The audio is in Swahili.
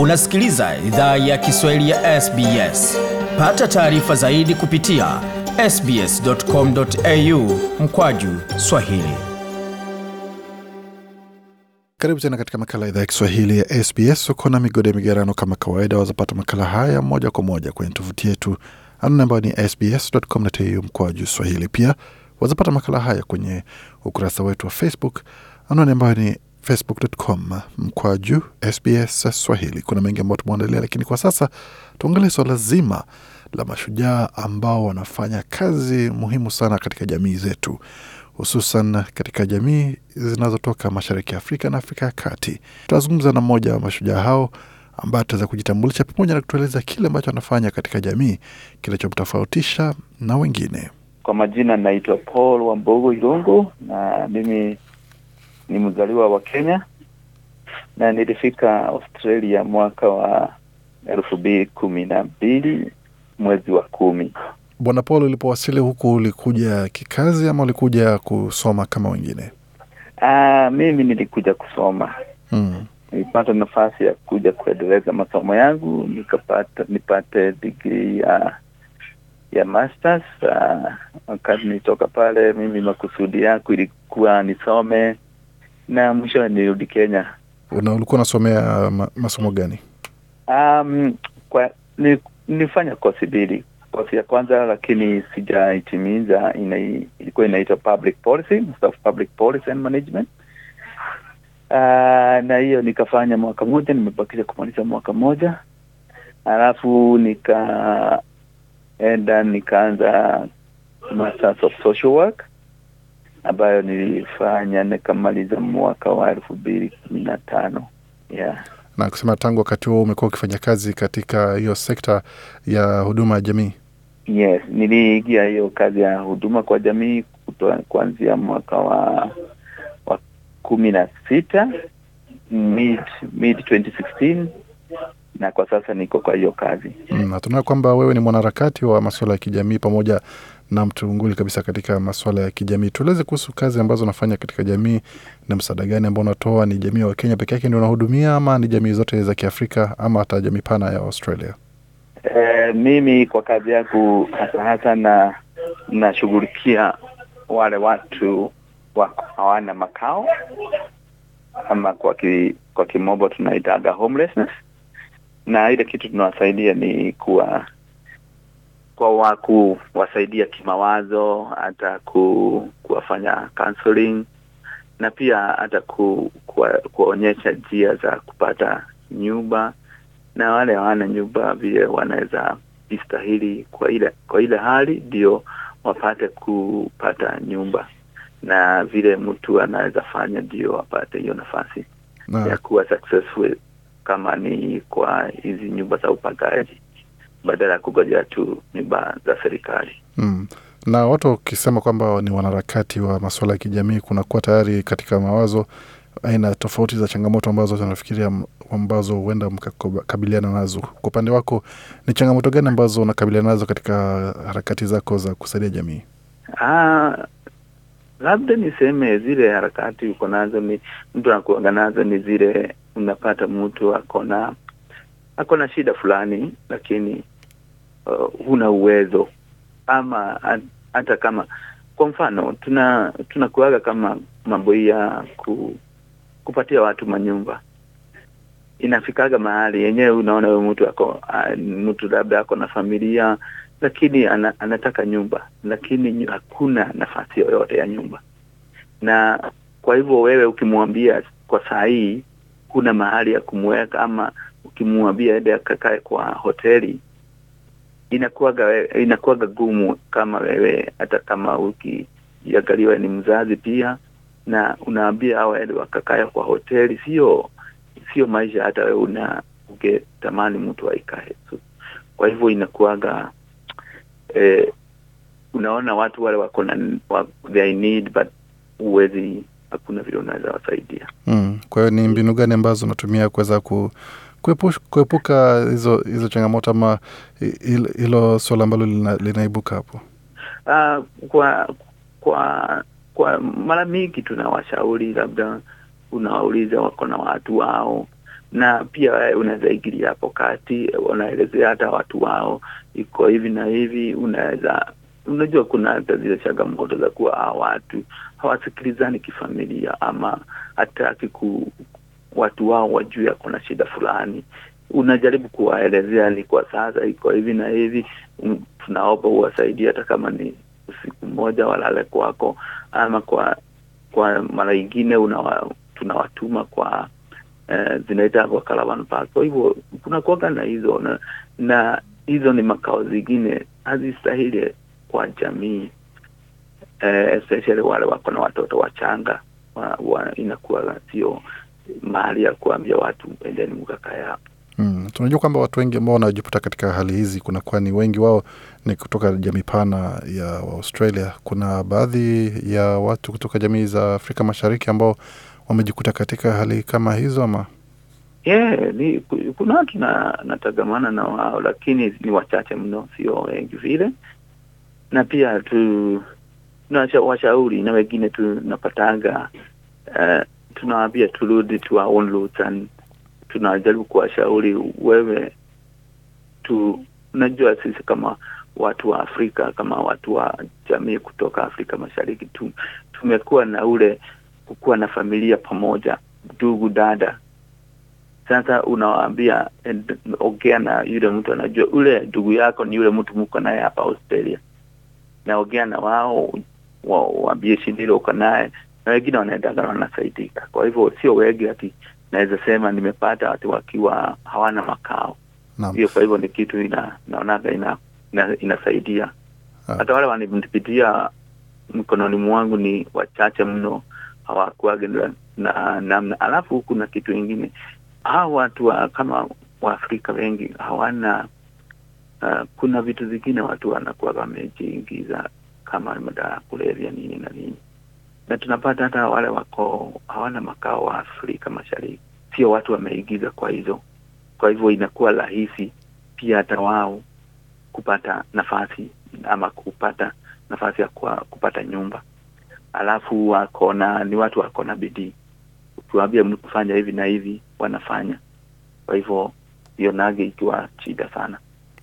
Unasikiliza idhaa ya Kiswahili ya SBS. Pata taarifa zaidi kupitia sbs.com.au mkwaju swahili. Karibu tena katika makala idhaa ya Kiswahili ya SBS. Uko na migode migerano kama kawaida. Wazapata makala haya moja kwa moja kwenye tovuti yetu anwani ambayo ni sbs.com.au mkwaju swahili. Pia wazapata makala haya kwenye ukurasa wetu wa Facebook anani ambayo ni facebook.com mkwaju SBS Swahili. Kuna mengi ambayo tumeandalia, lakini kwa sasa tuangalie swala zima la mashujaa ambao wanafanya kazi muhimu sana katika jamii zetu, hususan katika jamii zinazotoka mashariki ya Afrika na Afrika ya Kati. Tutazungumza na mmoja wa mashujaa hao ambaye ataweza kujitambulisha pamoja na kutueleza kile ambacho anafanya katika jamii kinachomtofautisha na wengine. Kwa majina naitwa Paul Wambogo Irungu, na mimi ni mzaliwa wa Kenya na nilifika Australia mwaka wa elfu mbili kumi na mbili mwezi wa kumi. Bwana Paul, ulipowasili huku ulikuja kikazi ama ulikuja kusoma kama wengine? Aa, ah, mimi nilikuja kusoma mm. Nilipata nafasi ya kuja kuendeleza masomo yangu nikapata nipate digrii ya ya masters. Ah, wakati nitoka pale, mimi makusudi yangu ilikuwa nisome na mwisho nirudi Kenya. Una ulikuwa unasomea uh, ma, masomo gani? Um, kwa ni, kosi mbili. Kosi ya kwanza lakini sijaitimiza, ina, ilikuwa inaitwa public policy, public policy and management. Uh, na hiyo nikafanya mwaka moja, nimebakisha kumaliza mwaka moja, alafu nikaenda nikaanza Masters of social work ambayo nilifanya nikamaliza mwaka wa elfu mbili kumi na tano yeah. Na kusema tangu wakati huo umekuwa ukifanya kazi katika hiyo sekta ya huduma ya jamii? Yes, niliingia hiyo kazi ya huduma kwa jamii kuanzia mwaka wa wa kumi na sita mid mid na kwa sasa niko kwa hiyo kazi mm. Na tunaona kwamba wewe ni mwanaharakati wa masuala ya kijamii pamoja na mtu nguli kabisa katika masuala ya kijamii. Tueleze kuhusu kazi ambazo unafanya katika jamii na msaada gani ambao unatoa. Ni jamii wa Wakenya peke yake ndio unahudumia ama ni jamii zote za Kiafrika ama hata jamii pana ya Australia? E, mimi kwa kazi yangu hasa hasa na nashughulikia wale watu hawana makao ama kwa ki, kwa kimombo tunaitaga homelessness na ile kitu tunawasaidia ni kuwa kwa waku wasaidia kimawazo, hata ku, kuwafanya counseling na pia hata ku, kuwa, kuwaonyesha njia za kupata nyumba na wale hawana nyumba vile wanaweza istahili kwa ile kwa ile hali ndio wapate kupata nyumba na vile mtu anaweza fanya ndio apate hiyo nafasi na ya kuwa successful kama ni kwa hizi nyumba za upangaji badala ya kugojea tu nyumba za serikali mm. Na watu wakisema kwamba ni wanaharakati wa masuala ya kijamii, kunakuwa tayari katika mawazo aina tofauti za changamoto ambazo tunafikiria ambazo huenda mkakabiliana nazo. Kwa upande wako, ni changamoto gani ambazo unakabiliana nazo katika harakati zako za kusaidia jamii? Aa, ah, labda niseme zile harakati uko nazo ni mtu anakuaga nazo ni zile unapata mtu akona akona shida fulani, lakini uh, huna uwezo ama hata kama kwa mfano tuna tunakuaga kama mambo ya ku, kupatia watu manyumba inafikaga mahali yenyewe unaona huyo mtu ako uh, mtu labda ako na familia lakini ana, anataka nyumba lakini hakuna nafasi yoyote ya nyumba, na kwa hivyo wewe ukimwambia kwa saa hii hakuna mahali ya kumweka ama ukimwambia ende akakae kwa hoteli inakuwaga inakuwaga gumu kama wewe, hata kama ukiangaliwa ni mzazi pia, na unaambia hawa ende wakakae kwa hoteli, sio sio maisha hata wewe una ungetamani mtu aikae. Kwa hivyo inakuwaga eh, unaona watu wale wako na they need but huwezi, hakuna vile unaweza wasaidia mm. Kwa hiyo ni mbinu gani ambazo unatumia kuweza ku kuepuka hizo hizo changamoto ama hilo suala ambalo lina, linaibuka hapo? Uh, kwa kwa kwa mara mingi tunawashauri, labda unawauliza wako na watu wao, na pia unaweza ingilia hapo kati, wanaelezea hata watu wao iko hivi na hivi, unaweza unajua kuna hata zile changamoto za kuwa hawa watu hawasikilizani kifamilia, ama hataki ku watu wao wajue na shida fulani. Unajaribu kuwaelezea ni kwa sasa iko hivi na hivi, mm, tunaomba uwasaidie, hata kama ni usiku mmoja walale kwako, ama kwa kwa mara ingine unawa, tunawatuma kwa eh, zinaita kwa caravan park. Kwa hivyo kuna kuaga na hizo na, na hizo ni makao zingine hazistahili kwa jamii eh, especially wale wako na watoto wachanga wa, wa, inakuwa sio mahali ya kuambia watu endeni mkakae yao. Hmm. tunajua kwamba watu wengi ambao wanajiputa katika hali hizi kunakuwa ni wengi wao ni kutoka jamii pana ya Australia. Kuna baadhi ya watu kutoka jamii za Afrika Mashariki ambao wamejikuta katika hali kama hizo ama Yeah, ni, kuna watu na, natagamana na wao lakini ni wachache mno, sio wengi vile, na pia tu tunawashauri washauri na wengine tunapataga, uh, eh, tunawambia turudi to our and tunajaribu kuwashauri wewe tu, najua sisi kama watu wa Afrika kama watu wa jamii kutoka Afrika Mashariki tu, tumekuwa na ule kukuwa na familia pamoja, ndugu dada. Sasa unawaambia ongea na yule mtu anajua, ule ndugu yako ni yule mtu muko naye hapa Australia naongea na wao wa, wa BHC nilioka naye na wengine wanaendaga wanasaidika. Kwa hivyo sio wengi ati naweza sema nimepata watu wakiwa hawana makao hiyo. Kwa hivyo ni kitu ina, naonaga ina, ina, inasaidia ah. hata wale wanipitia mkononi mwangu ni wachache mno, hawakuage na namna. na, Alafu kuna kitu ingine, hawa watu wa, kama Waafrika wengi hawana uh, kuna vitu vingine watu wanakuwa wamejiingiza kama madawa ya kulevya nini na nini, na tunapata hata wale wako hawana makao wa Afrika Mashariki, sio watu wameingiza kwa hizo. Kwa hivyo inakuwa rahisi pia hata wao kupata nafasi ama kupata nafasi ya kwa, kupata nyumba, alafu wako na ni watu wako na bidii, ukiwaambia mtu kufanya hivi na hivi wanafanya. Kwa hivyo nage ikiwa shida sana.